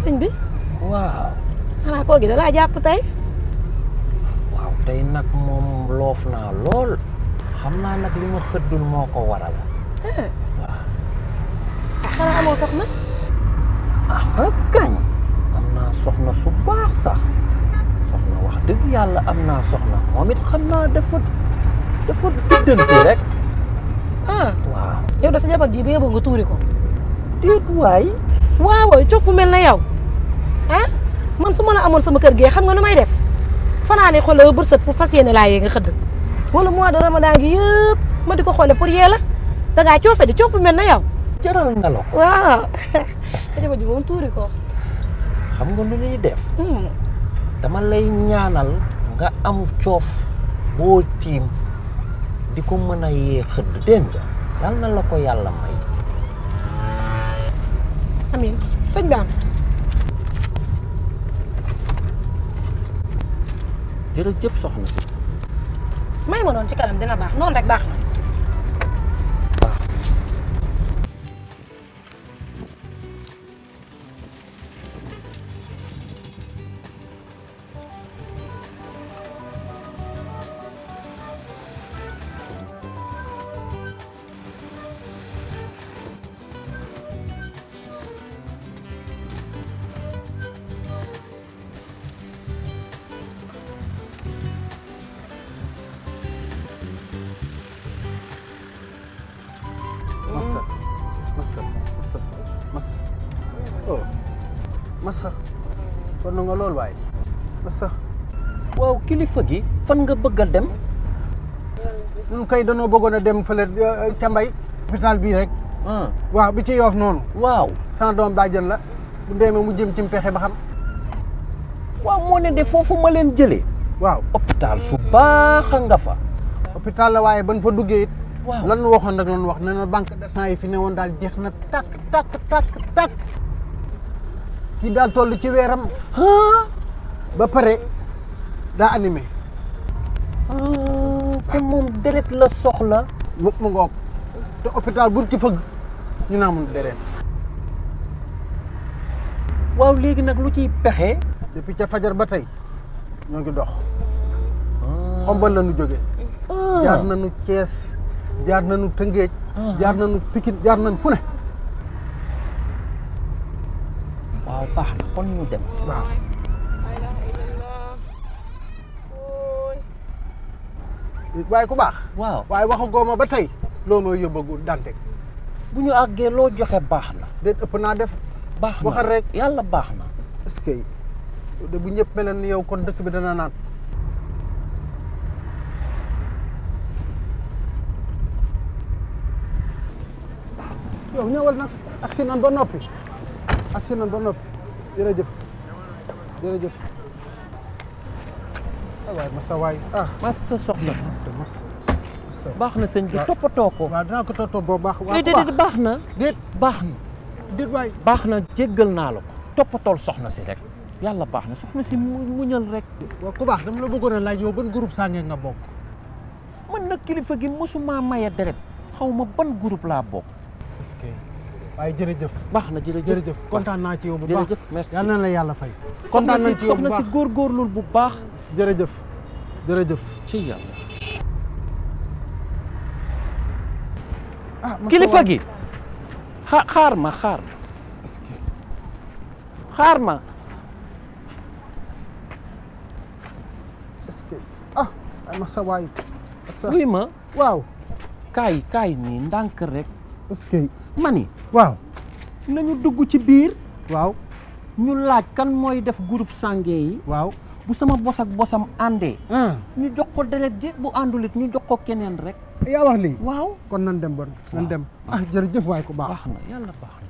sëñ bi. waaw. xanaa koor gi dalaa jàpp tey. waaw tey nag moom loof naa lool. xam naa nag li ma xëddul moo ko waral. Eh. waaw. Ah, xanaa amoo soxna. ah kañ. am naa soxna su baax sax. soxna wax dëgg yàlla am naa soxna moom it xam naa dafa dafa dëddante rek. Ah. waaw. yow da sa jabar ji ba yóbbu nga tuuri ko. déet waay. waaw coof fu mel na yow. man su ma la amoon sama kër gee xam nga nu may def fanaane xoolal bërsët pour fas yéene laa yee nga xëdd wala mois de ma gi yëpp ma di ko xoolee pour yee la da coofe di coofu mel na yow. jëral na la ko waaw. dama xam nga lu ñuy def. Hmm. dama lay ñaanal nga am coof boo tiim di ko mën a yee xëdd dégg nga na la ko yàlla may. amiin sëñ bi am jërëjëf soxna si. may ma noonu ci kanam dina baax noonu rek baax na. oh massa sonn nga lool waaye massa waaw kilifa gi fan nga bëgg a dem ñun kay danoo bëggoon dem fële eh, eh, ca mbay hôpital bii rek ah. waaw bi ci yoof noonu waaw sans doom bàjjen la bu demee mu jëm ci pexe ba xam waaw moo ne de foofu ma leen jëlee waaw hôpital su baax a nga fa hôpital la waaye ban fa duggee it lan nu waxoon rek lan wax ne na banque de sang yi fi ne woon daal jeex na tàkk tàkk tàkk tàkk kii daal toll ci weeram ba pare daa animé hmm, te moom deret la soxla wëp mu ngoog te hôpital buñ ci fëgg ñu naa mun deret waaw léegi nag lu ciy pexe depuis ca fajar ba tey ñoo ngi dox hmm. xombal la ñu jóge hmm. jaar nañu Cees jaar nañu Tëngéej jaar nañu Pikine jaar nañu fu ne waaw baax na kon ñu dem waaw waaye ku baax waaw waaye waxagoo ma ba tey looloo yóbbagul dante bu ñu àggee loo joxe baax na déet ëpp naa def baax na waxal rek yàlla baax na est-ce de bu ñëpp meloon ni yow kon dëkk bi dana naan yow ñëwal nag agsi nan ba noppi agsi nañ ba noppi jërëjëf ah, masa waay ah masa soxna masa baax na sëñ bi toppatoo ko waaw dinaa ko toppatoo boo baax waaw eh, na baax na baax na jéggal naa la ko toppatool soxna si rek yàlla baax na soxna si muñal rek ku baax dama la bëggoon a laaj yow ban groupe sàngee nga bokk man nag kilifa gi mosuma maye deret xaw ma ban groupe laa bokk waaye jërëjëf baax na jërëjëf jërëjëf kontaan naa ci yow bu baax merci yal na la yàlla kontaan nañ ci yow bu bu baax jërëjëf jërëjëf ci yàlla ah, kilifa gi xaar xaar ma xaar ma ah sa waay luy ma waaw kaay ndànk rek est ni waaw nañu dugg ci biir waaw ñu laaj kan mooy def groupe sanguin yi waaw bu sama bosag bosam àndee ah. ñu jox ko délet ji bu àndulit ñu jox ko keneen rek yaa wax lii waaw kon nan dem bon nan dem ah jërëjëf waay ko baax na yàlla baax na